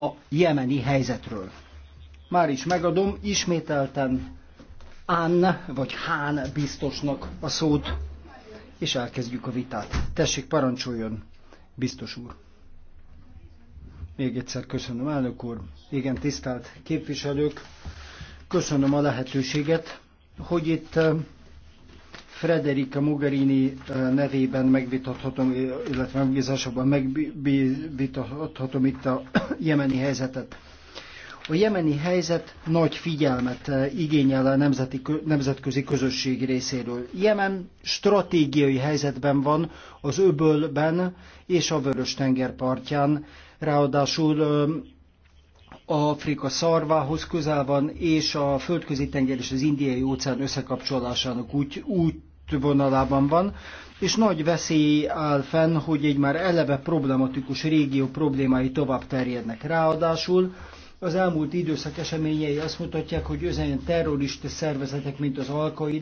a jemeni helyzetről. Már is megadom ismételten Ann vagy Hán biztosnak a szót, és elkezdjük a vitát. Tessék, parancsoljon, biztos úr. Még egyszer köszönöm, elnök úr. Igen, tisztelt képviselők, köszönöm a lehetőséget, hogy itt Frederica Mogherini eh, nevében megvitathatom, illetve megbízásában megvitathatom itt a jemeni helyzetet. A jemeni helyzet nagy figyelmet eh, igényel a nemzeti, nemzetközi közösség részéről. Jemen stratégiai helyzetben van az öbölben és a Vörös-tenger partján, ráadásul eh, Afrika szarvához közel van, és a földközi tenger és az indiai óceán összekapcsolásának úgy, úgy vonalában van, és nagy veszély áll fenn, hogy egy már eleve problematikus régió problémái tovább terjednek. Ráadásul az elmúlt időszak eseményei azt mutatják, hogy özen terrorista szervezetek, mint az al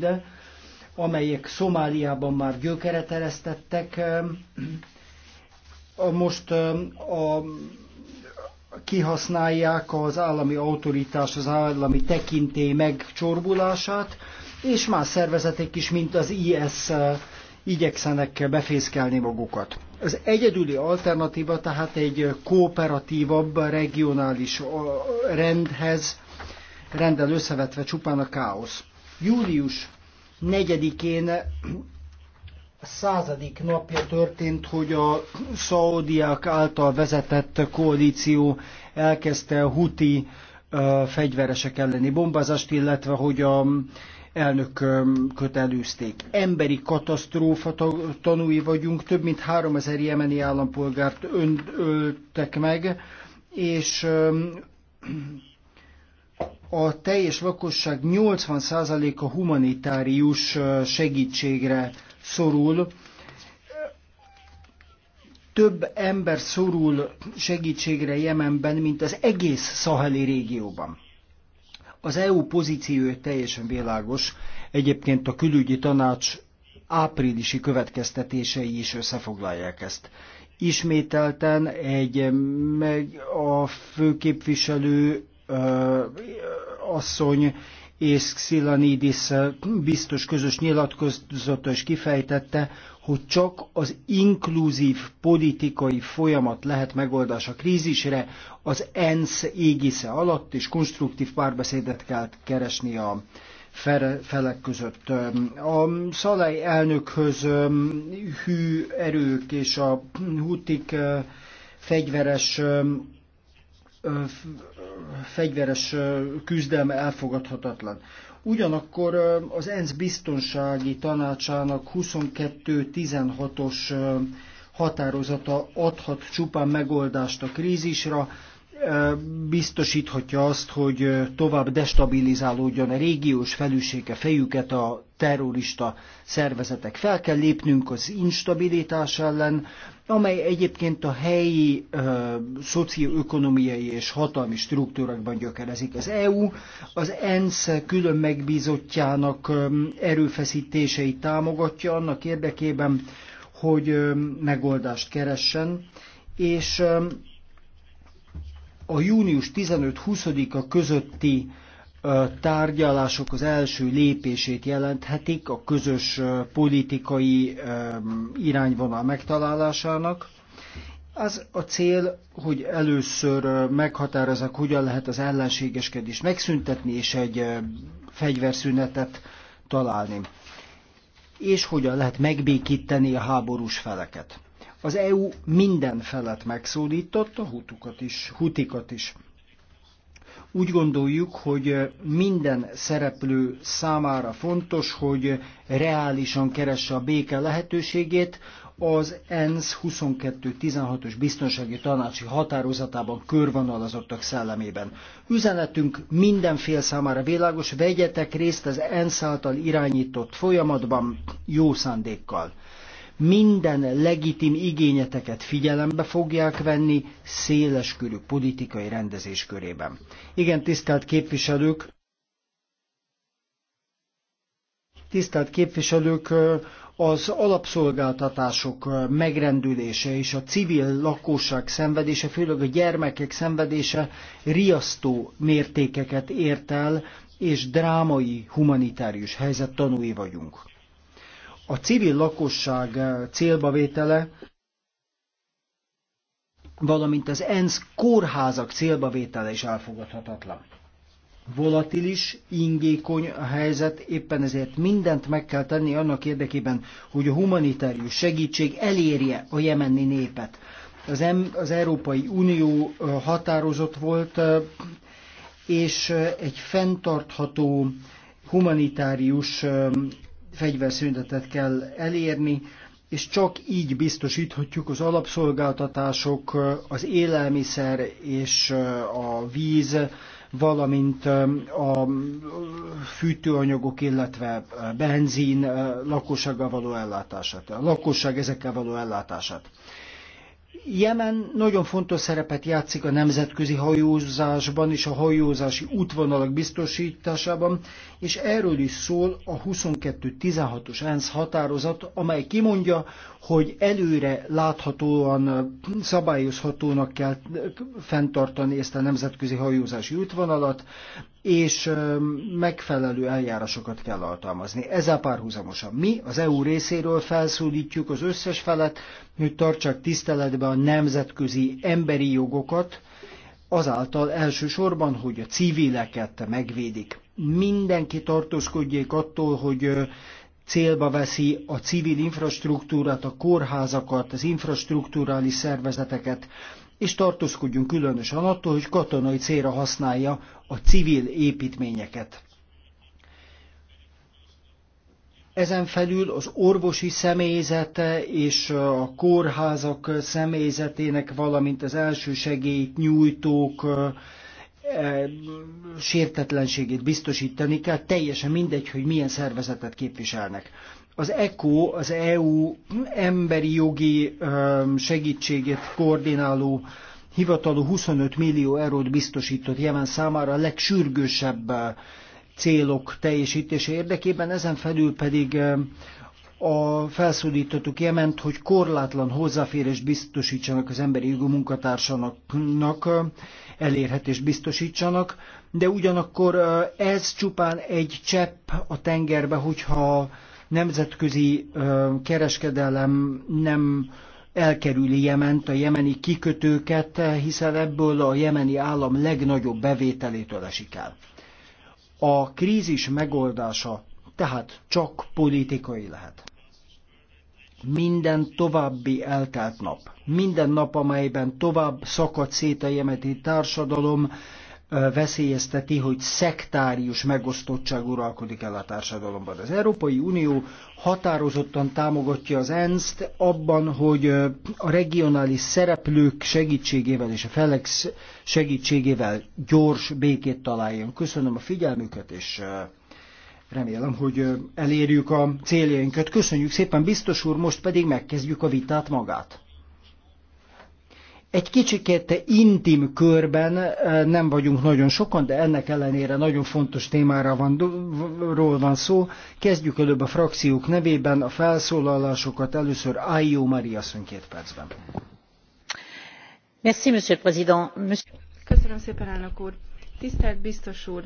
amelyek Szomáliában már gyökere eresztettek, ehm, most ehm, a, kihasználják az állami autoritás, az állami tekintély megcsorbulását, és más szervezetek is, mint az IS eh, igyekszenek befészkelni magukat. Az egyedüli alternatíva tehát egy kooperatívabb regionális eh, rendhez, rendel összevetve csupán a káosz. Július 4-én századik napja történt, hogy a szaudiák által vezetett koalíció elkezdte Huti eh, fegyveresek elleni bombázást, illetve hogy a elnököt előzték. Emberi katasztrófa tanúi vagyunk, több mint 3000 jemeni állampolgárt öltek meg, és a teljes lakosság 80%-a humanitárius segítségre szorul. Több ember szorul segítségre Jemenben, mint az egész szaheli régióban. Az EU pozíciója teljesen világos, egyébként a külügyi tanács áprilisi következtetései is összefoglalják ezt. Ismételten egy meg a főképviselő ö, asszony és Xilanidis biztos közös nyilatkozata is kifejtette, hogy csak az inkluzív politikai folyamat lehet megoldás a krízisre, az ENSZ égisze alatt, és konstruktív párbeszédet kell keresni a felek között. A Szalai elnökhöz hű erők és a hutik fegyveres fegyveres küzdelme elfogadhatatlan. Ugyanakkor az ENSZ biztonsági tanácsának 22-16-os határozata adhat csupán megoldást a krízisra, biztosíthatja azt, hogy tovább destabilizálódjon a régiós felülsége fejüket a terrorista szervezetek. Fel kell lépnünk az instabilitás ellen, amely egyébként a helyi ö, szocioökonomiai és hatalmi struktúrákban gyökerezik. Az EU az ENSZ külön megbízottjának ö, erőfeszítéseit támogatja annak érdekében, hogy ö, megoldást keressen, és ö, a június 15-20-a közötti tárgyalások az első lépését jelenthetik a közös politikai irányvonal megtalálásának. Az a cél, hogy először meghatározzák, hogyan lehet az ellenségeskedést megszüntetni, és egy fegyverszünetet találni. És hogyan lehet megbékíteni a háborús feleket. Az EU minden felet megszólított, a hutukat is, hutikat is. Úgy gondoljuk, hogy eh, minden szereplő számára fontos, hogy reálisan keresse a béke lehetőségét, az ENSZ 16 os biztonsági tanácsi határozatában körvonalazottak szellemében. Üzenetünk minden fél számára világos, vegyetek részt az ENSZ által irányított folyamatban jó szándékkal minden legitim igényeteket figyelembe fogják venni széleskörű politikai rendezés körében. Igen, tisztelt képviselők, Tisztelt képviselők, az alapszolgáltatások megrendülése és a civil lakosság szenvedése, főleg a gyermekek szenvedése riasztó mértékeket ért el, és drámai humanitárius helyzet tanúi vagyunk a civil lakosság eh, célba vétele, valamint az ENSZ kórházak célba vétele is elfogadhatatlan. Volatilis, ingékony a helyzet, éppen ezért mindent meg kell tenni annak érdekében, hogy a humanitárius segítség elérje a jemenni népet. Az, em, az Európai Unió eh, határozott volt, eh, és egy fenntartható humanitárius fegyverszünetet kell elérni, és csak így biztosíthatjuk az alapszolgáltatások, az élelmiszer és a víz, valamint a fűtőanyagok, illetve benzin lakossággal való ellátását, a lakosság ezekkel való ellátását. Jemen nagyon fontos szerepet játszik a nemzetközi hajózásban és a hajózási útvonalak biztosításában, és erről is szól a 16 os ENSZ határozat, amely kimondja, hogy előre láthatóan szabályozhatónak kell fenntartani ezt a nemzetközi hajózási útvonalat, és megfelelő eljárásokat kell alkalmazni. Ezzel párhuzamosan mi az EU részéről felszólítjuk az összes felet, hogy tartsák tiszteletbe a nemzetközi emberi jogokat, azáltal elsősorban, hogy a civileket megvédik. Mindenki tartózkodjék attól, hogy célba veszi a civil infrastruktúrát, a kórházakat, az infrastruktúrális szervezeteket, és tartózkodjunk különösen attól, hogy katonai célra használja a civil építményeket. Ezen felül az orvosi személyzete és a kórházak személyzetének, valamint az segélyt nyújtók e, sértetlenségét biztosítani kell, teljesen mindegy, hogy milyen szervezetet képviselnek az ECO, az EU emberi jogi segítségét koordináló hivatalú 25 millió eurót biztosított Jemen számára a legsürgősebb célok teljesítése érdekében, ezen felül pedig a felszólítottuk Jement, hogy korlátlan hozzáférés biztosítsanak az emberi jogú munkatársanak, elérhetést biztosítsanak, de ugyanakkor ez csupán egy csepp a tengerbe, hogyha nemzetközi kereskedelem nem elkerüli Jement, a jemeni kikötőket, hiszen ebből a jemeni állam legnagyobb bevételétől esik el. A krízis megoldása tehát csak politikai lehet. Minden további eltelt nap, minden nap, amelyben tovább szakad szét a jemeti társadalom, veszélyezteti, hogy szektárius megosztottság uralkodik el a társadalomban. Az Európai Unió határozottan támogatja az ENSZ-t abban, hogy a regionális szereplők segítségével és a Felex segítségével gyors békét találjon. Köszönöm a figyelmüket, és remélem, hogy elérjük a céljainkat. Köszönjük szépen, biztos úr, most pedig megkezdjük a vitát magát. Egy kicsikét intim körben nem vagyunk nagyon sokan, de ennek ellenére nagyon fontos témára van, ról van szó. Kezdjük előbb a frakciók nevében a felszólalásokat. Először Ájó Maria asszony két percben. Merci, monsieur président. Monsieur... Köszönöm szépen, elnök úr. Tisztelt biztos úr,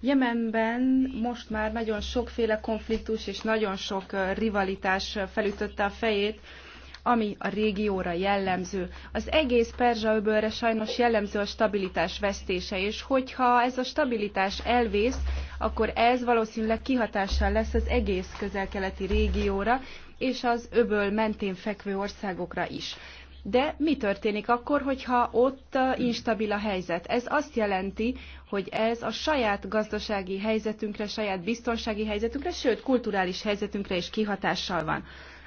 Jemenben most már nagyon sokféle konfliktus és nagyon sok rivalitás felütötte a fejét, ami a régióra jellemző. Az egész Perzsa-öbölre sajnos jellemző a stabilitás vesztése, és hogyha ez a stabilitás elvész, akkor ez valószínűleg kihatással lesz az egész közel-keleti régióra, és az öböl mentén fekvő országokra is. De mi történik akkor, hogyha ott instabil a helyzet? Ez azt jelenti, hogy ez a saját gazdasági helyzetünkre, saját biztonsági helyzetünkre, sőt kulturális helyzetünkre is kihatással van.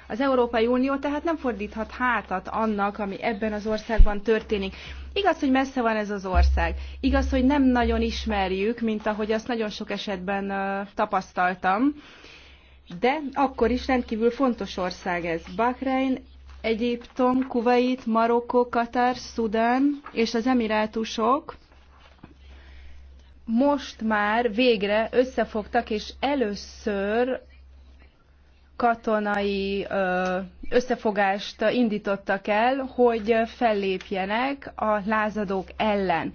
Az Európai Unió tehát nem fordíthat hátat annak, ami ebben az országban történik. Igaz, hogy messze van ez az ország. Igaz, hogy nem nagyon ismerjük, mint ahogy azt nagyon sok esetben tapasztaltam. De akkor is rendkívül fontos ország ez. Bahrein, Egyiptom, Kuwait, Marokko, Katar, Szudán és az Emirátusok most már végre összefogtak, és először katonai összefogást indítottak el, hogy fellépjenek a lázadók ellen.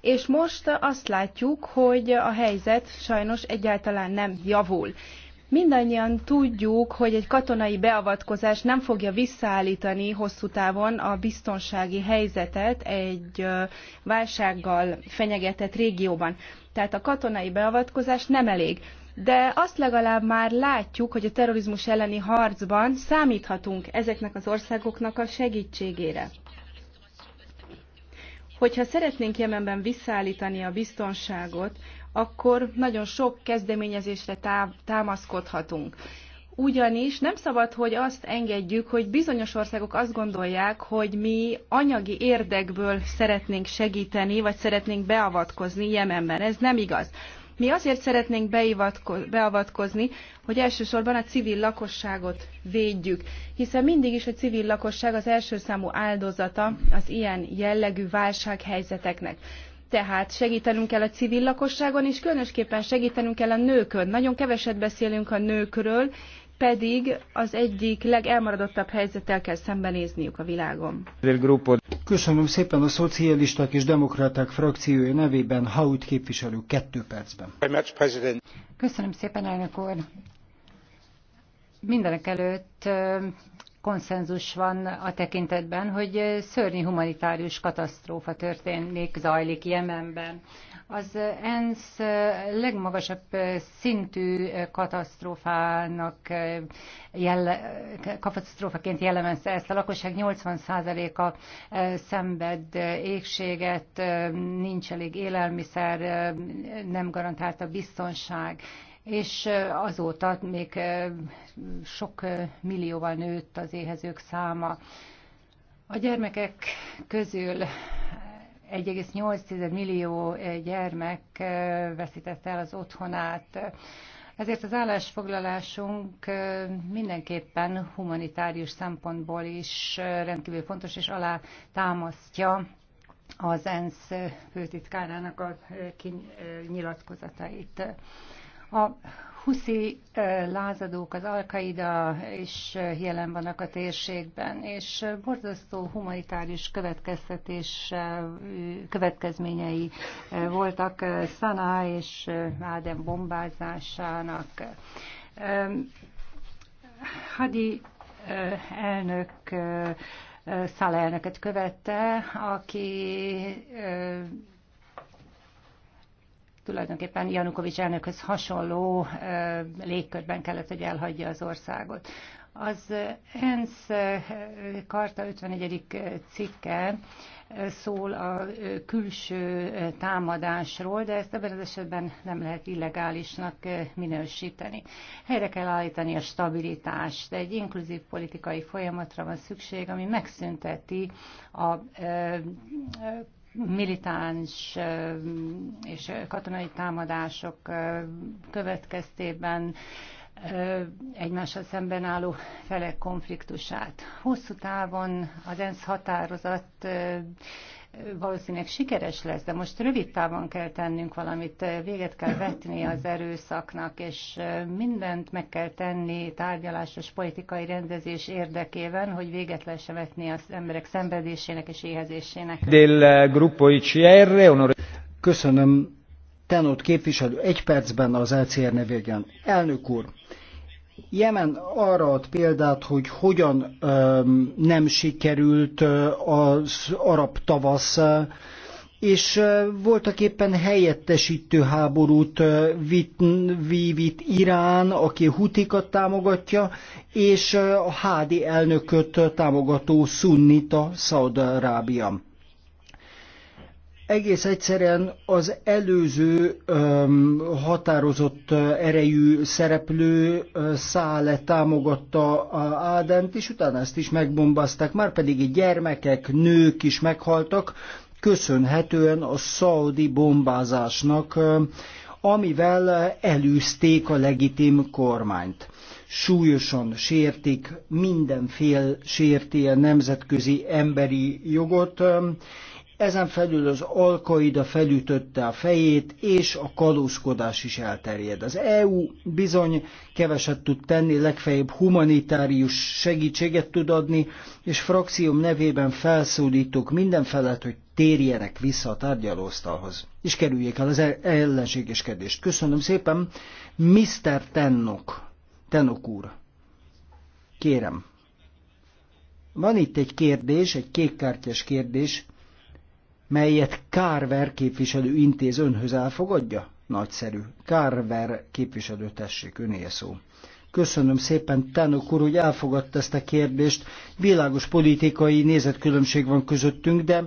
És most azt látjuk, hogy a helyzet sajnos egyáltalán nem javul. Mindannyian tudjuk, hogy egy katonai beavatkozás nem fogja visszaállítani hosszú távon a biztonsági helyzetet egy válsággal fenyegetett régióban. Tehát a katonai beavatkozás nem elég de azt legalább már látjuk, hogy a terrorizmus elleni harcban számíthatunk ezeknek az országoknak a segítségére. Hogyha szeretnénk Jemenben visszaállítani a biztonságot, akkor nagyon sok kezdeményezésre támaszkodhatunk. Ugyanis nem szabad, hogy azt engedjük, hogy bizonyos országok azt gondolják, hogy mi anyagi érdekből szeretnénk segíteni, vagy szeretnénk beavatkozni Jemenben. Ez nem igaz. Mi azért szeretnénk beavatkozni, hogy elsősorban a civil lakosságot védjük, hiszen mindig is a civil lakosság az első számú áldozata az ilyen jellegű válsághelyzeteknek. Tehát segítenünk kell a civil lakosságon, és különösképpen segítenünk kell a nőkön. Nagyon keveset beszélünk a nőkről, pedig az egyik legelmaradottabb helyzettel kell szembenézniük a világon. Köszönöm szépen a szocialisták és demokraták frakciója nevében Haut képviselő kettő percben. Köszönöm szépen, elnök úr mindenek előtt konszenzus van a tekintetben, hogy szörnyű humanitárius katasztrófa történik, zajlik Jemenben. Az ENSZ legmagasabb szintű katasztrófának jelle, katasztrófaként jellemezte ezt. A lakosság 80%-a szenved égséget, nincs elég élelmiszer, nem garantált a biztonság és azóta még sok millióval nőtt az éhezők száma. A gyermekek közül 1,8 millió gyermek veszítette el az otthonát. Ezért az állásfoglalásunk mindenképpen humanitárius szempontból is rendkívül fontos, és alá támasztja az ENSZ főtitkárának a nyilatkozatait. A huszi lázadók, az Al-Qaida is jelen vannak a térségben, és borzasztó humanitárius következtetés következményei voltak Szaná és Áden bombázásának. Hadi elnök Szala elnöket követte, aki tulajdonképpen Janukovics elnökhöz hasonló légkörben kellett, hogy elhagyja az országot. Az ENSZ Karta 51. cikke szól a külső támadásról, de ezt ebben az esetben nem lehet illegálisnak minősíteni. Helyre kell állítani a stabilitást, de egy inkluzív politikai folyamatra van szükség, ami megszünteti a militáns és katonai támadások következtében egymással szemben álló felek konfliktusát. Hosszú távon az ENSZ határozat valószínűleg sikeres lesz, de most rövid távon kell tennünk valamit, véget kell vetni az erőszaknak, és mindent meg kell tenni tárgyalásos politikai rendezés érdekében, hogy véget lehessen vetni az emberek szenvedésének és éhezésének. Del eh, gruppo ICR, onore... Köszönöm, Tenot képviselő, egy percben az LCR e nevében. Elnök úr, Jemen arra ad példát, hogy hogyan öm, nem sikerült az arab tavasz, és voltak éppen helyettesítő háborút vívít Irán, aki Hutikat támogatja, és a Hádi elnököt támogató szunnita Szaud-Arábia egész egyszerűen az előző öm, határozott erejű szereplő szále támogatta Ádent, és utána ezt is megbombázták, már pedig gyermekek, nők is meghaltak, köszönhetően a szaudi bombázásnak, amivel elűzték a legitim kormányt. Súlyosan sértik, mindenfél sérti a nemzetközi emberi jogot, ezen felül az alkaida felütötte a fejét, és a kalózkodás is elterjed. Az EU bizony keveset tud tenni, legfeljebb humanitárius segítséget tud adni, és frakcióm nevében felszólítok minden felett, hogy térjenek vissza a tárgyalóasztalhoz, és kerüljék el az e- ellenségeskedést. Köszönöm szépen, Mr. Tennok, Tennok úr, kérem. Van itt egy kérdés, egy kékkártyás kérdés, melyet Kárver képviselő intéz önhöz elfogadja? Nagyszerű. Kárver képviselő tessék, öné szó. Köszönöm szépen, Tánok úr, hogy elfogadta ezt a kérdést. Világos politikai nézetkülönbség van közöttünk, de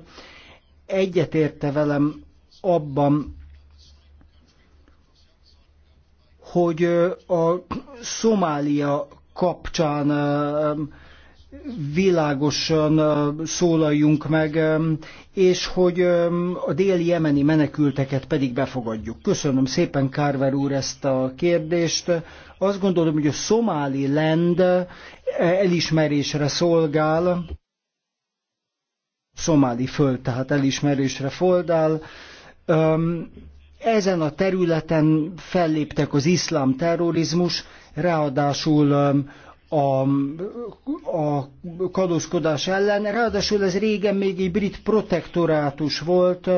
egyetérte velem abban, hogy a Szomália kapcsán világosan szólaljunk meg, és hogy a déli jemeni menekülteket pedig befogadjuk. Köszönöm szépen, Kárver úr, ezt a kérdést. Azt gondolom, hogy a szomáli lend elismerésre szolgál, szomáli föld, tehát elismerésre foldál. Ezen a területen felléptek az iszlám terrorizmus, ráadásul a, a kadoskodás ellen. Ráadásul ez régen még egy brit protektorátus volt,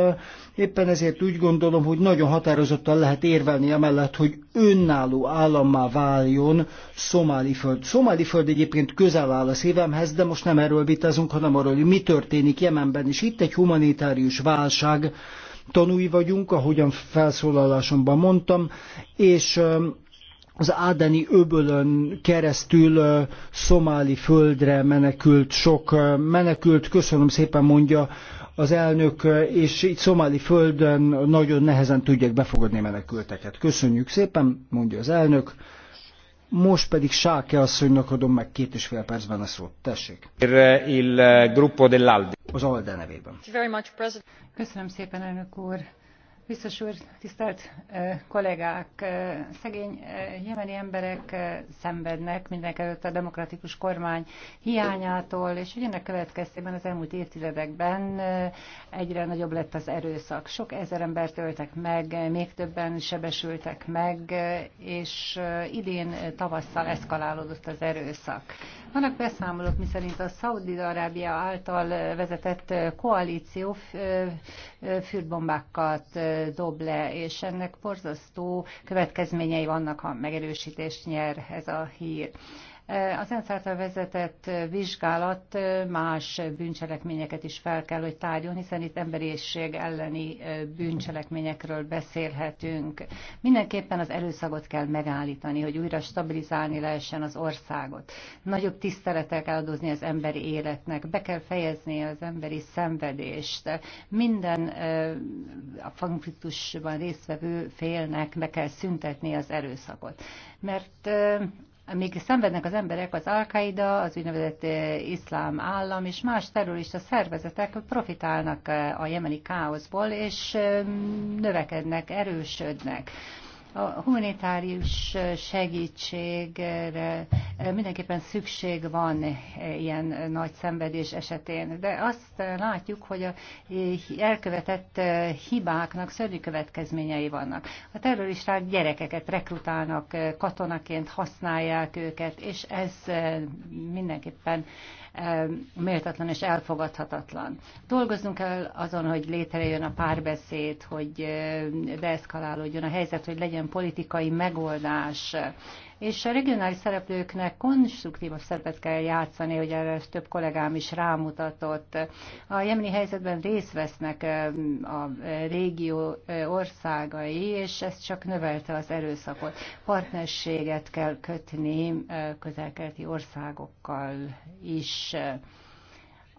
éppen ezért úgy gondolom, hogy nagyon határozottan lehet érvelni amellett, hogy önálló állammá váljon Szomáliföld. Szomáliföld egyébként közel áll a szívemhez, de most nem erről vitázunk, hanem arról, hogy mi történik Jemenben, és itt egy humanitárius válság, tanúi vagyunk, ahogyan felszólalásomban mondtam, és az Ádeni öbölön keresztül szomáli földre menekült sok menekült, köszönöm szépen mondja az elnök, és itt szomáli földön nagyon nehezen tudják befogadni menekülteket. Köszönjük szépen, mondja az elnök. Most pedig Sáke asszonynak adom meg két és fél percben a szót. Tessék. Il eh, eh, gruppo dell'Aldi. Az Alde nevében. Köszönöm szépen, elnök úr. Biztos úr, tisztelt kollégák, szegény jemeni emberek szenvednek mindenek előtt a demokratikus kormány hiányától, és ennek következtében az elmúlt évtizedekben egyre nagyobb lett az erőszak. Sok ezer embert öltek meg, még többen sebesültek meg, és idén tavasszal eszkalálódott az erőszak. Vannak beszámolók, miszerint a Szaudi-Arábia által vezetett koalíció fürdbombákat dob le, és ennek borzasztó következményei vannak, ha megerősítést nyer ez a hír. Az ENSZ által vezetett vizsgálat más bűncselekményeket is fel kell, hogy tárjon, hiszen itt emberiesség elleni bűncselekményekről beszélhetünk. Mindenképpen az erőszakot kell megállítani, hogy újra stabilizálni lehessen az országot. Nagyobb tiszteletet kell adozni az emberi életnek, be kell fejezni az emberi szenvedést. Minden a konfliktusban résztvevő félnek be kell szüntetni az erőszakot. Mert amíg szenvednek az emberek, az al qaeda az úgynevezett eh, iszlám állam és más terrorista szervezetek profitálnak eh, a jemeni káoszból, és eh, növekednek, erősödnek. A humanitárius segítségre mindenképpen szükség van ilyen nagy szenvedés esetén, de azt látjuk, hogy a elkövetett hibáknak szörnyű következményei vannak. A terroristák gyerekeket rekrutálnak, katonaként használják őket, és ez mindenképpen méltatlan és elfogadhatatlan. Dolgozzunk el azon, hogy létrejön a párbeszéd, hogy deeszkalálódjon a helyzet, hogy legyen politikai megoldás és a regionális szereplőknek konstruktívabb szerepet kell játszani, hogy erre több kollégám is rámutatott. A jemeni helyzetben részt vesznek a régió országai, és ez csak növelte az erőszakot. Partnerséget kell kötni közelkelti országokkal is.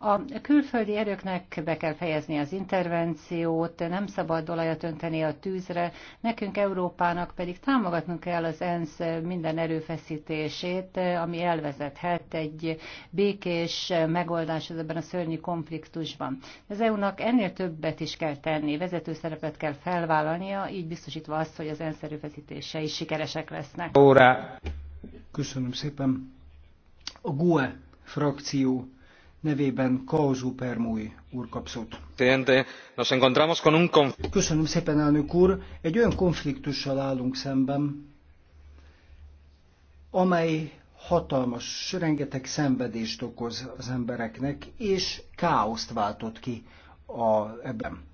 A külföldi erőknek be kell fejezni az intervenciót, nem szabad olajat önteni a tűzre, nekünk Európának pedig támogatnunk kell az ENSZ minden erőfeszítését, ami elvezethet egy békés megoldáshoz ebben a szörnyű konfliktusban. Az EU-nak ennél többet is kell tenni, vezető szerepet kell felvállalnia, így biztosítva azt, hogy az ENSZ erőfeszítései sikeresek lesznek. Óra. Köszönöm szépen. A GUE frakció nevében Kauzu Permúj úr kap szót. Köszönöm szépen, elnök úr. Egy olyan konfliktussal állunk szemben, amely hatalmas, rengeteg szenvedést okoz az embereknek, és káoszt váltott ki a, ebben.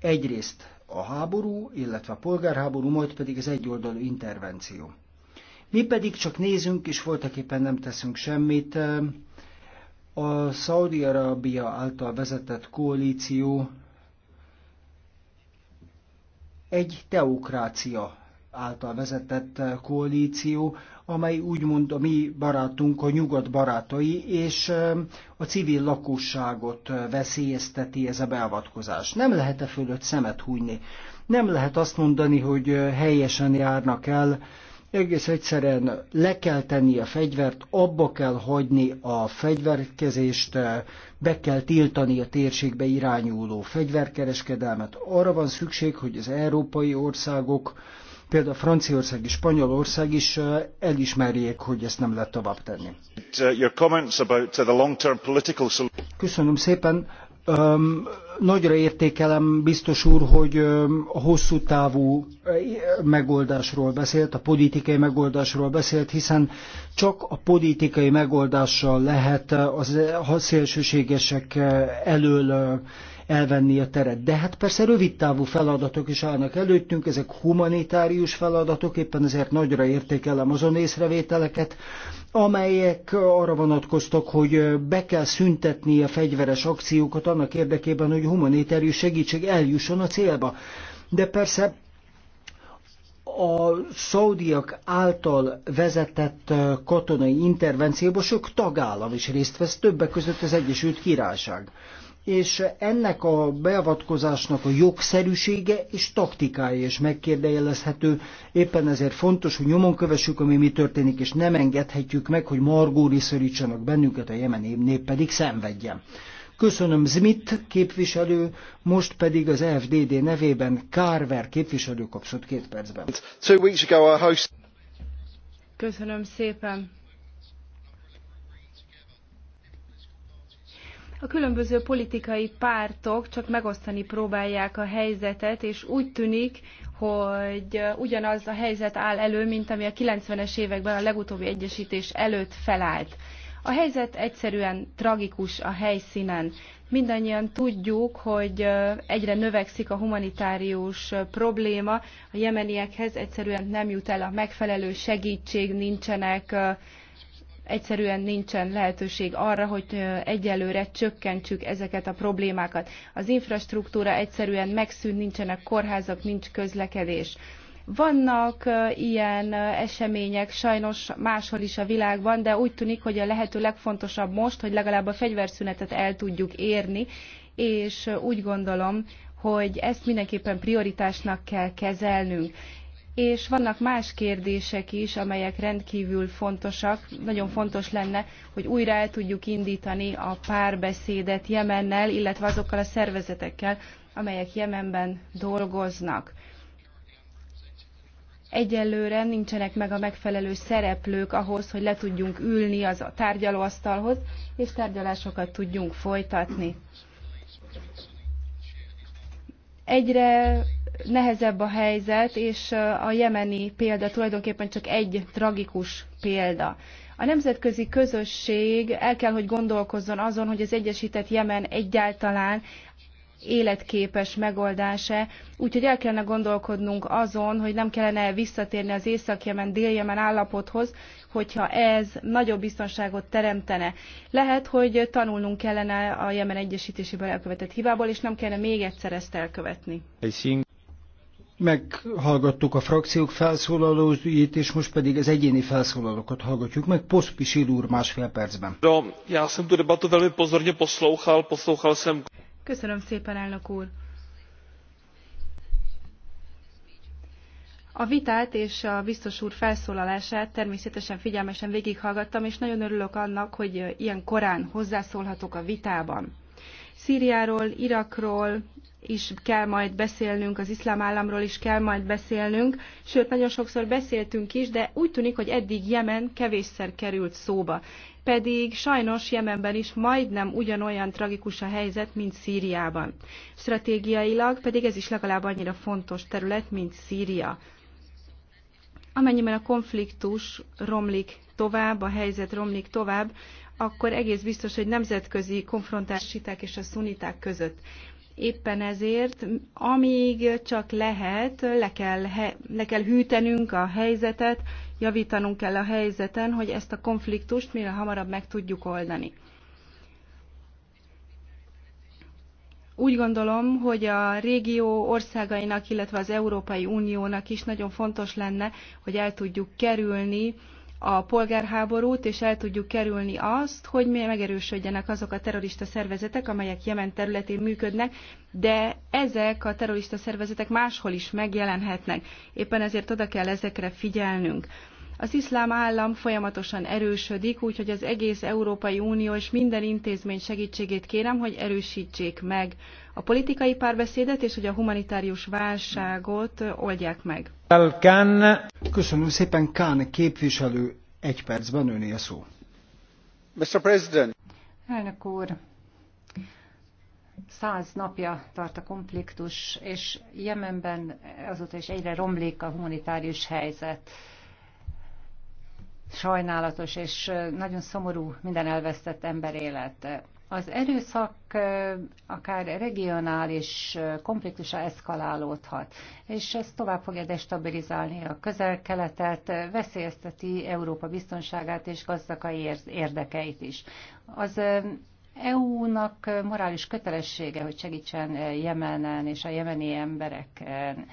Egyrészt a háború, illetve a polgárháború, majd pedig az egyoldalú intervenció. Mi pedig csak nézünk, és voltak éppen nem teszünk semmit. A Szaudi-Arabia által vezetett koalíció egy teokrácia által vezetett koalíció, amely úgymond a mi barátunk, a nyugat barátai, és um, a civil lakosságot veszélyezteti ez a beavatkozás. Nem lehet-e fölött szemet hújni? Nem lehet azt mondani, hogy uh, helyesen járnak el, egész egyszerűen le kell tenni a fegyvert, abba kell hagyni a fegyverkezést, be kell tiltani a térségbe irányuló fegyverkereskedelmet. Arra van szükség, hogy az európai országok, például Franciaország és Spanyolország is elismerjék, hogy ezt nem lehet tovább tenni. Köszönöm szépen. Öm, nagyra értékelem, biztos úr, hogy a hosszú távú megoldásról beszélt, a politikai megoldásról beszélt, hiszen csak a politikai megoldással lehet az szélsőségesek elől elvenni a teret. De hát persze rövid távú feladatok is állnak előttünk, ezek humanitárius feladatok, éppen ezért nagyra értékelem azon észrevételeket, amelyek arra vonatkoztak, hogy be kell szüntetni a fegyveres akciókat annak érdekében, hogy humanitárius segítség eljusson a célba. De persze a szaudiak által vezetett katonai intervencióban sok tagállam is részt vesz, többek között az Egyesült Királyság és ennek a beavatkozásnak a jogszerűsége és taktikája is megkérdőjelezhető. Éppen ezért fontos, hogy nyomon kövessük, ami mi történik, és nem engedhetjük meg, hogy margóri szörítsenek bennünket, a jemeni nép pedig szenvedjen. Köszönöm Zmit képviselő, most pedig az FDD nevében Kárver képviselő kapszott két percben. Köszönöm szépen. A különböző politikai pártok csak megosztani próbálják a helyzetet, és úgy tűnik, hogy ugyanaz a helyzet áll elő, mint ami a 90-es években a legutóbbi egyesítés előtt felállt. A helyzet egyszerűen tragikus a helyszínen. Mindannyian tudjuk, hogy egyre növekszik a humanitárius probléma, a jemeniekhez egyszerűen nem jut el a megfelelő segítség, nincsenek egyszerűen nincsen lehetőség arra, hogy egyelőre csökkentsük ezeket a problémákat. Az infrastruktúra egyszerűen megszűn, nincsenek kórházak, nincs közlekedés. Vannak ilyen események sajnos máshol is a világban, de úgy tűnik, hogy a lehető legfontosabb most, hogy legalább a fegyverszünetet el tudjuk érni, és úgy gondolom, hogy ezt mindenképpen prioritásnak kell kezelnünk és vannak más kérdések is, amelyek rendkívül fontosak. Nagyon fontos lenne, hogy újra el tudjuk indítani a párbeszédet Jemennel, illetve azokkal a szervezetekkel, amelyek Jemenben dolgoznak. Egyelőre nincsenek meg a megfelelő szereplők ahhoz, hogy le tudjunk ülni az a tárgyalóasztalhoz, és tárgyalásokat tudjunk folytatni. Egyre nehezebb a helyzet, és a jemeni példa tulajdonképpen csak egy tragikus példa. A nemzetközi közösség el kell, hogy gondolkozzon azon, hogy az Egyesített Jemen egyáltalán életképes megoldása, úgyhogy el kellene gondolkodnunk azon, hogy nem kellene visszatérni az Észak-Jemen, Dél-Jemen állapothoz, hogyha ez nagyobb biztonságot teremtene. Lehet, hogy tanulnunk kellene a Jemen egyesítésében elkövetett hibából, és nem kellene még egyszer ezt elkövetni. Meghallgattuk a frakciók felszólalóit, és most pedig az egyéni felszólalókat hallgatjuk meg. Poszpisil úr másfél percben. já jsem tu debatu velmi pozorně poslouchal, poslouchal jsem Köszönöm szépen, elnök úr! A vitát és a biztos úr felszólalását természetesen figyelmesen végighallgattam, és nagyon örülök annak, hogy ilyen korán hozzászólhatok a vitában. Szíriáról, Irakról, is kell majd beszélnünk, az iszlám államról is kell majd beszélnünk, sőt, nagyon sokszor beszéltünk is, de úgy tűnik, hogy eddig Jemen kevésszer került szóba. Pedig sajnos Jemenben is majdnem ugyanolyan tragikus a helyzet, mint Szíriában. Stratégiailag pedig ez is legalább annyira fontos terület, mint Szíria. Amennyiben a konfliktus romlik tovább, a helyzet romlik tovább, akkor egész biztos, hogy nemzetközi konfrontásiták és a szuniták között. Éppen ezért, amíg csak lehet, le kell, le kell hűtenünk a helyzetet, javítanunk kell a helyzeten, hogy ezt a konfliktust mire hamarabb meg tudjuk oldani. úgy gondolom, hogy a régió országainak, illetve az Európai Uniónak is nagyon fontos lenne, hogy el tudjuk kerülni a polgárháborút, és el tudjuk kerülni azt, hogy mi megerősödjenek azok a terrorista szervezetek, amelyek Jemen területén működnek, de ezek a terrorista szervezetek máshol is megjelenhetnek. Éppen ezért oda kell ezekre figyelnünk. Az iszlám állam folyamatosan erősödik, úgyhogy az egész Európai Unió és minden intézmény segítségét kérem, hogy erősítsék meg a politikai párbeszédet, és hogy a humanitárius válságot oldják meg. Köszönöm szépen, Kán képviselő. Egy percben öné a szó. Mr. President. Elnök úr, száz napja tart a konfliktus, és Jemenben azóta is egyre romlik a humanitárius helyzet sajnálatos és nagyon szomorú minden elvesztett ember élet. Az erőszak akár regionális konfliktusa eszkalálódhat, és ez tovább fogja destabilizálni a közel-keletet, veszélyezteti Európa biztonságát és gazdakai érdekeit is. Az EU-nak morális kötelessége, hogy segítsen Jemenen és a jemeni embereken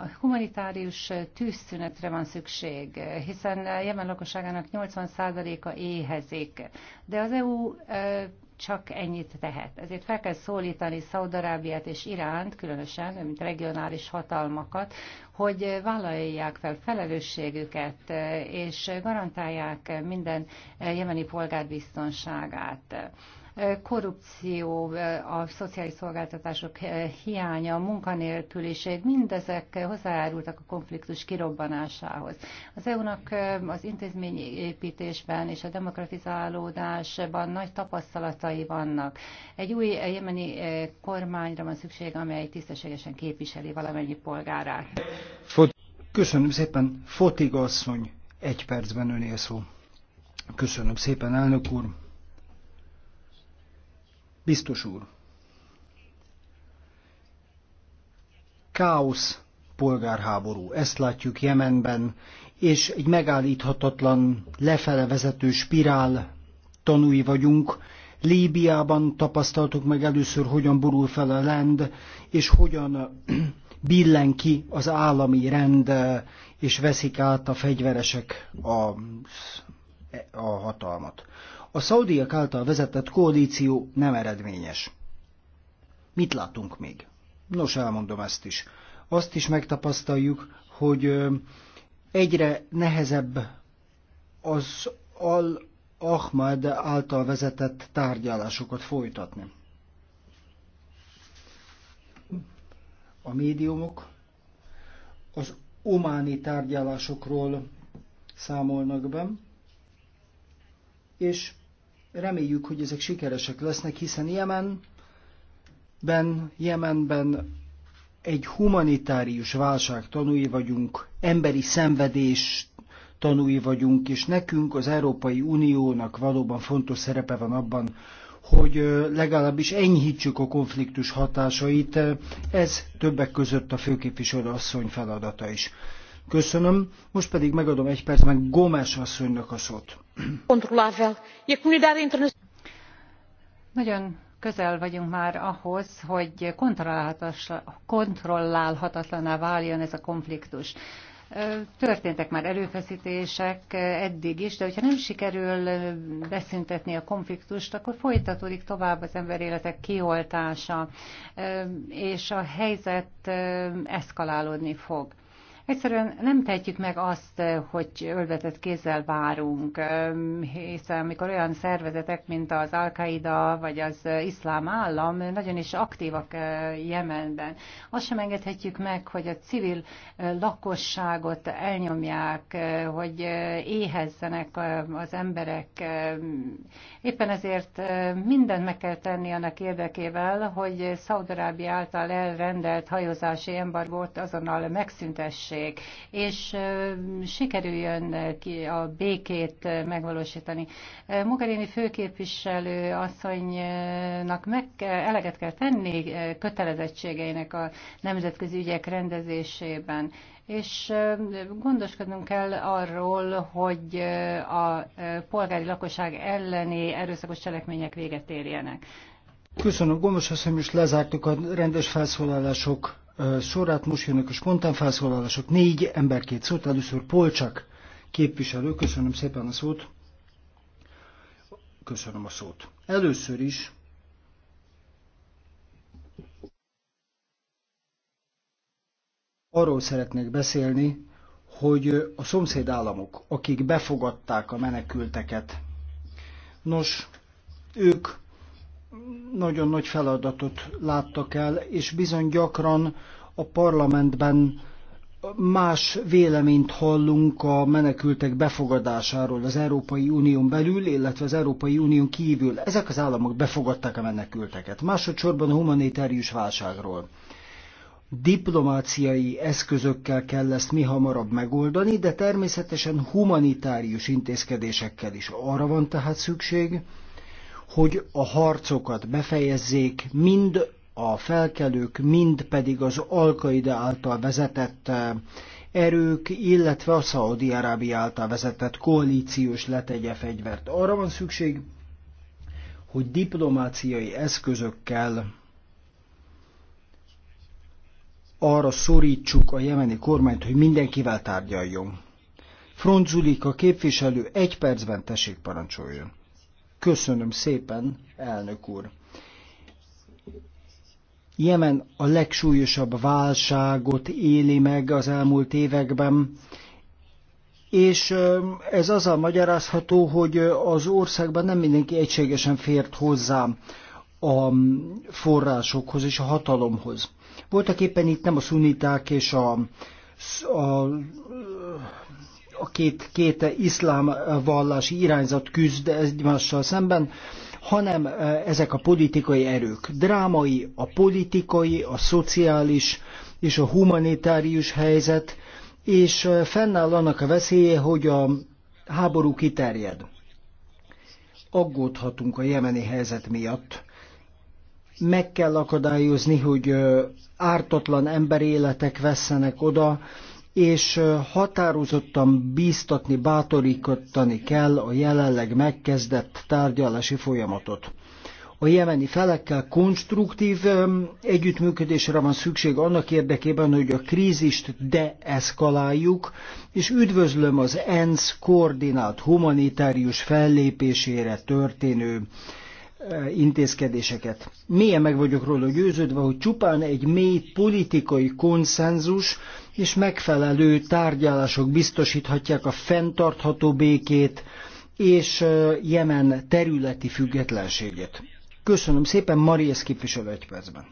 a humanitárius tűzszünetre van szükség, hiszen a Jemen lakosságának 80%-a éhezik, de az EU e, csak ennyit tehet. Ezért fel kell szólítani Szaudarábiát és Iránt, különösen, mint regionális hatalmakat, hogy vállalják fel felelősségüket, e, és garantálják minden e, jemeni polgár biztonságát korrupció, a szociális szolgáltatások hiánya, a munkanélküliség, mindezek hozzájárultak a konfliktus kirobbanásához. Az EU-nak az intézményépítésben és a demokratizálódásban nagy tapasztalatai vannak. Egy új jemeni eh, kormányra van szükség, amely tisztességesen képviseli valamennyi polgárát. Köszönöm szépen, Fotig asszony, egy percben önél szó. Köszönöm szépen, elnök úr. Biztos úr. Káosz, polgárháború, ezt látjuk Jemenben, és egy megállíthatatlan, lefele vezető spirál tanúi vagyunk. Líbiában tapasztaltuk meg először, hogyan borul fel a rend, és hogyan billen ki az állami rend, és veszik át a fegyveresek a, a hatalmat. A szaudiak által vezetett koalíció nem eredményes. Mit látunk még? Nos, elmondom ezt is. Azt is megtapasztaljuk, hogy egyre nehezebb az Al-Ahmad által vezetett tárgyalásokat folytatni. A médiumok az ománi tárgyalásokról számolnak be, és reméljük, hogy ezek sikeresek lesznek, hiszen Jemenben, Jemenben egy humanitárius válság tanúi vagyunk, emberi szenvedés tanúi vagyunk, és nekünk az Európai Uniónak valóban fontos szerepe van abban, hogy legalábbis enyhítsük a konfliktus hatásait. Ez többek között a főképviselő asszony feladata is. Köszönöm, most pedig megadom egy percben Gomes asszonynak a szót. Nagyon közel vagyunk már ahhoz, hogy kontrollálhatatlaná váljon ez a konfliktus. Történtek már előfeszítések eddig is, de hogyha nem sikerül beszüntetni a konfliktust, akkor folytatódik tovább az életek kioltása, és a helyzet eszkalálódni fog. Egyszerűen nem tehetjük meg azt, hogy ölvetett kézzel várunk, hiszen amikor olyan szervezetek, mint az Al-Qaida vagy az iszlám állam nagyon is aktívak eh, Jemenben, azt sem engedhetjük meg, hogy a civil eh, lakosságot elnyomják, eh, hogy éhezzenek az emberek. Éppen ezért mindent meg kell tenni annak érdekével, hogy Szaudarábia által elrendelt hajózási embargót azonnal megszüntessék szükség, és sikerüljön ki a békét megvalósítani. Mugarini főképviselő asszonynak meg eleget kell tenni kötelezettségeinek a nemzetközi ügyek rendezésében és gondoskodnunk kell arról, hogy a polgári lakosság elleni erőszakos cselekmények véget érjenek. Köszönöm, gondos asszony, és lezártuk a rendes felszólalások sorát, most jönnek a spontán felszólalások. Négy ember két szót, először Polcsak képviselő, köszönöm szépen a szót. Köszönöm a szót. Először is arról szeretnék beszélni, hogy a szomszéd államok, akik befogadták a menekülteket, nos, ők nagyon nagy feladatot láttak el, és bizony gyakran a parlamentben más véleményt hallunk a menekültek befogadásáról az Európai Unión belül, illetve az Európai Unión kívül. Ezek az államok befogadták a menekülteket. Másodszorban a humanitárius válságról. Diplomáciai eszközökkel kell ezt mi hamarabb megoldani, de természetesen humanitárius intézkedésekkel is. Arra van tehát szükség, hogy a harcokat befejezzék, mind a felkelők, mind pedig az Alkaida által vezetett eh, erők, illetve a Szaudi-Arábia által vezetett koalíciós letegye fegyvert. Arra van szükség, hogy diplomáciai eszközökkel arra szorítsuk a jemeni kormányt, hogy mindenkivel tárgyaljon. a képviselő egy percben tessék parancsoljon. Köszönöm szépen, elnök úr. Jemen a legsúlyosabb válságot éli meg az elmúlt években, és ez azzal magyarázható, hogy az országban nem mindenki egységesen fért hozzá a forrásokhoz és a hatalomhoz. Voltak éppen itt nem a szuniták és a, a a két, két iszlám vallási irányzat küzd egymással szemben, hanem e, ezek a politikai erők. Drámai a politikai, a szociális és a humanitárius helyzet, és e, fennáll annak a veszélye, hogy a háború kiterjed. Aggódhatunk a jemeni helyzet miatt. Meg kell akadályozni, hogy e, ártatlan emberéletek vesszenek oda, és határozottan bíztatni, bátorítani kell a jelenleg megkezdett tárgyalási folyamatot. A jemeni felekkel konstruktív együttműködésre van szükség annak érdekében, hogy a krízist deeszkaláljuk, és üdvözlöm az ENSZ koordinált humanitárius fellépésére történő Eh, intézkedéseket. Mélyen meg vagyok róla győződve, hogy csupán egy mély politikai konszenzus és megfelelő tárgyalások biztosíthatják a fenntartható békét és eh, Jemen területi függetlenségét. Köszönöm szépen, Marias képviselő egy percben.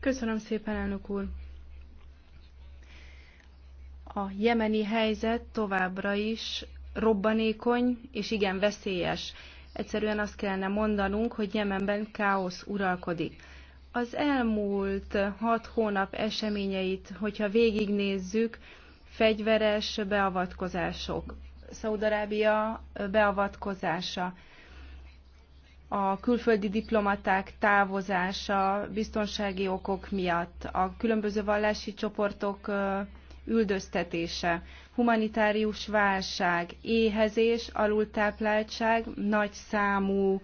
Köszönöm szépen, elnök úr. A jemeni helyzet továbbra is robbanékony és igen veszélyes. Egyszerűen azt kellene mondanunk, hogy Jemenben káosz uralkodik. Az elmúlt hat hónap eseményeit, hogyha végignézzük, fegyveres beavatkozások, Szaudarábia beavatkozása, a külföldi diplomaták távozása biztonsági okok miatt, a különböző vallási csoportok üldöztetése, humanitárius válság, éhezés, alultápláltság, nagy számú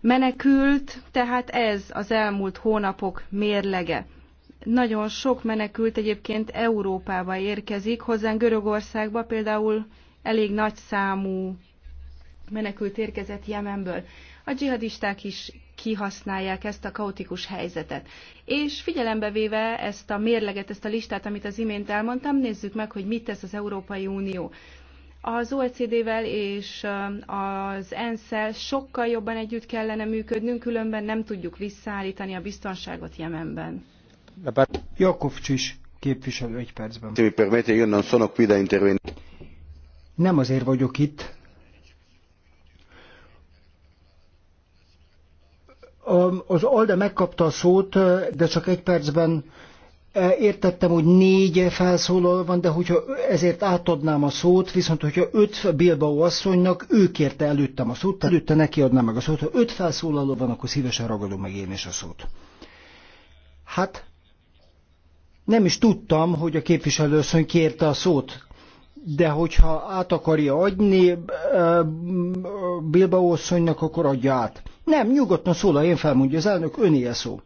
menekült, tehát ez az elmúlt hónapok mérlege. Nagyon sok menekült egyébként Európába érkezik, hozzánk Görögországba például elég nagy számú menekült érkezett Jemenből. A dzsihadisták is kihasználják ezt a kaotikus helyzetet. És figyelembe véve ezt a mérleget, ezt a listát, amit az imént elmondtam, nézzük meg, hogy mit tesz az Európai Unió. Az OECD-vel és az ENSZ-el sokkal jobban együtt kellene működnünk, különben nem tudjuk visszaállítani a biztonságot Jemenben. Jakovcsis képviselő egy percben. Nem azért vagyok itt, Az Alde megkapta a szót, de csak egy percben e, értettem, hogy négy felszólaló van, de hogyha ezért átadnám a szót, viszont hogyha öt Bilbao asszonynak, ő kérte előttem a szót, előtte neki adnám meg a szót, ha öt felszólaló van, akkor szívesen ragadom meg én is a szót. Hát, nem is tudtam, hogy a képviselőasszony kérte a szót, de hogyha át akarja adni Bilbao asszonynak, akkor adja át. Nem, nyugodtan szólaljon én felmondja, az elnök, öné szó.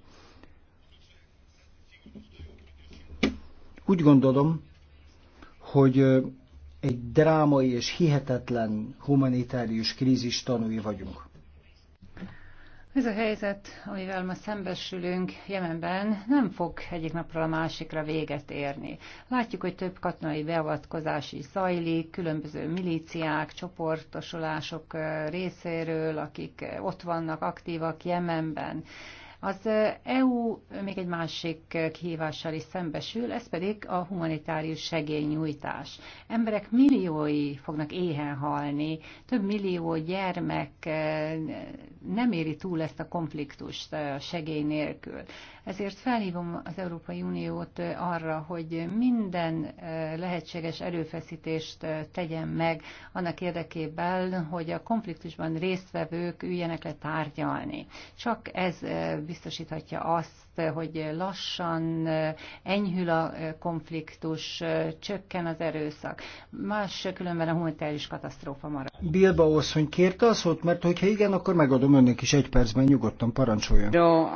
Úgy gondolom, hogy egy drámai és hihetetlen humanitárius krízis tanúi vagyunk. Ez a helyzet, amivel ma szembesülünk Jemenben, nem fog egyik napról a másikra véget érni. Látjuk, hogy több katonai beavatkozás is zajlik, különböző milíciák, csoportosulások részéről, akik ott vannak aktívak Jemenben. Az EU még egy másik kihívással is szembesül, ez pedig a humanitárius segélynyújtás. Emberek milliói fognak éhen halni, több millió gyermek eh, nem éri túl ezt a konfliktust eh, segély nélkül. Ezért felhívom az Európai Uniót eh, arra, hogy minden eh, lehetséges erőfeszítést eh, tegyen meg annak érdekében, hogy a konfliktusban résztvevők üljenek le tárgyalni. Csak ez biztosíthatja azt, azt, hogy lassan enyhül a konfliktus, csökken az erőszak. Más különben a humanitárius katasztrófa marad. Bilba Oszony kérte a szót, mert hogyha igen, akkor megadom önnek is egy percben, nyugodtan parancsoljon.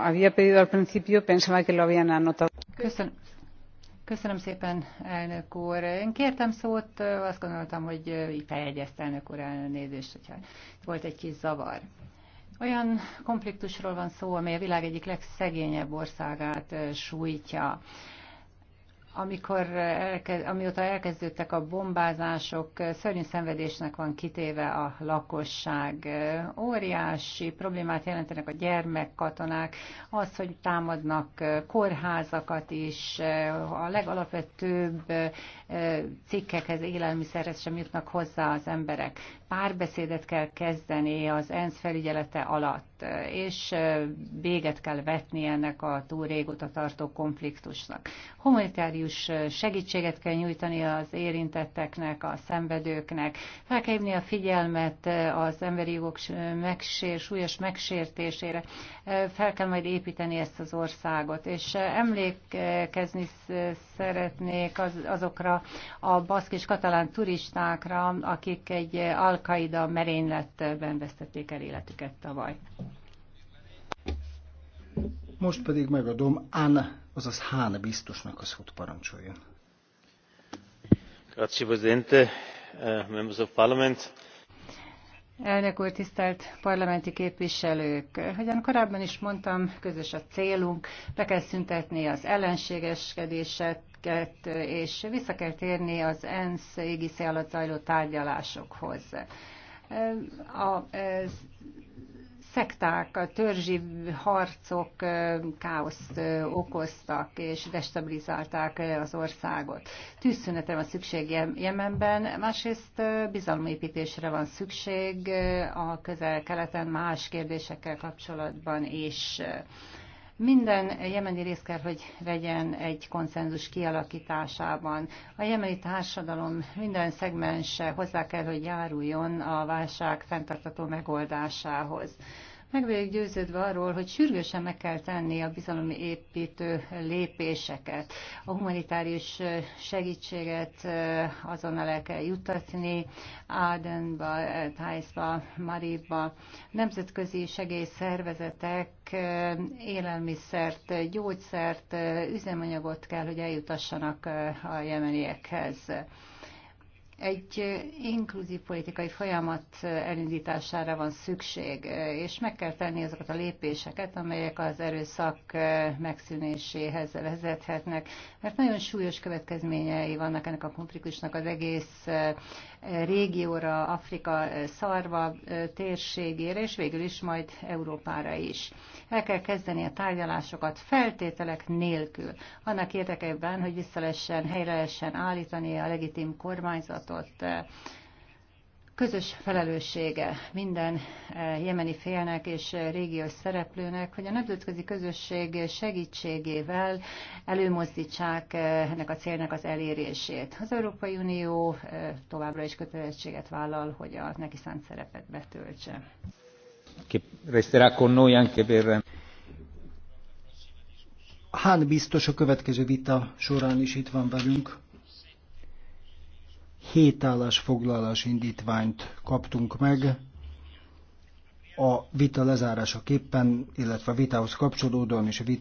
Köszönöm. Köszönöm szépen, elnök úr. Én kértem szót, azt gondoltam, hogy feljegyezte elnök úr elnézést, hogyha volt egy kis zavar. Olyan konfliktusról van szó, amely a világ egyik legszegényebb országát eh, sújtja amikor elkez, amióta elkezdődtek a bombázások, szörnyű szenvedésnek van kitéve a lakosság. Óriási problémát jelentenek a gyermekkatonák, az, hogy támadnak kórházakat is, a legalapvetőbb eh, cikkekhez, élelmiszerhez sem jutnak hozzá az emberek. Párbeszédet kell kezdeni az ENSZ felügyelete alatt, és eh, véget kell vetni ennek a túl régóta tartó konfliktusnak. Humanitárius Humanitárius segítséget kell nyújtani az érintetteknek, a szenvedőknek. Fel kell hívni a figyelmet az emberi jogok megsér, súlyos megsértésére. Fel kell majd építeni ezt az országot. És emlékezni szeretnék az, azokra a baszk és katalán turistákra, akik egy alkaida merényletben vesztették el életüket tavaly. Most pedig megadom Ann, azaz Hán biztosnak a szót parancsoljon. Grazie, Presidente, eh, members of Parliament. Elnök úr, tisztelt parlamenti képviselők! Hogyan korábban is mondtam, közös a célunk, be kell szüntetni az ellenségeskedéseket, és vissza kell térni az ENSZ égisze alatt zajló tárgyalásokhoz. Eh, a szekták, a törzsi harcok káoszt okoztak és destabilizálták az országot. Tűzszünetre van szükség Jemenben, másrészt bizalomépítésre van szükség a közel-keleten más kérdésekkel kapcsolatban is. Minden jemeni részt kell, hogy vegyen egy konszenzus kialakításában. A jemeni társadalom minden szegmense hozzá kell, hogy járuljon a válság fenntartató megoldásához. Meg vagyok győződve arról, hogy sürgősen meg kell tenni a bizalomi építő lépéseket. A humanitárius segítséget azonnal el kell juttatni Ádenba, Thaisba, Maribba. Nemzetközi segélyszervezetek élelmiszert, gyógyszert, üzemanyagot kell, hogy eljutassanak a jemeniekhez egy inkluzív politikai folyamat elindítására van szükség, és meg kell tenni azokat a lépéseket, amelyek az erőszak megszűnéséhez vezethetnek, mert nagyon súlyos következményei vannak ennek a konfliktusnak az egész régióra, Afrika szarva térségére, és végül is majd Európára is. El kell kezdeni a tárgyalásokat feltételek nélkül, annak érdekében, hogy vissza lehessen, helyre lehessen állítani a legitim kormányzat javaslatot. Eh, közös felelőssége minden eh, jemeni félnek és eh, régiós szereplőnek, hogy a nemzetközi közösség segítségével előmozdítsák ennek a célnak az elérését. Az Európai Unió továbbra is kötelezettséget vállal, hogy a neki szánt szerepet betöltse. Hán biztos a következő vita során is itt van velünk hétállás foglalás indítványt kaptunk meg a vita lezárásaképpen, illetve a vitához kapcsolódóan és a vita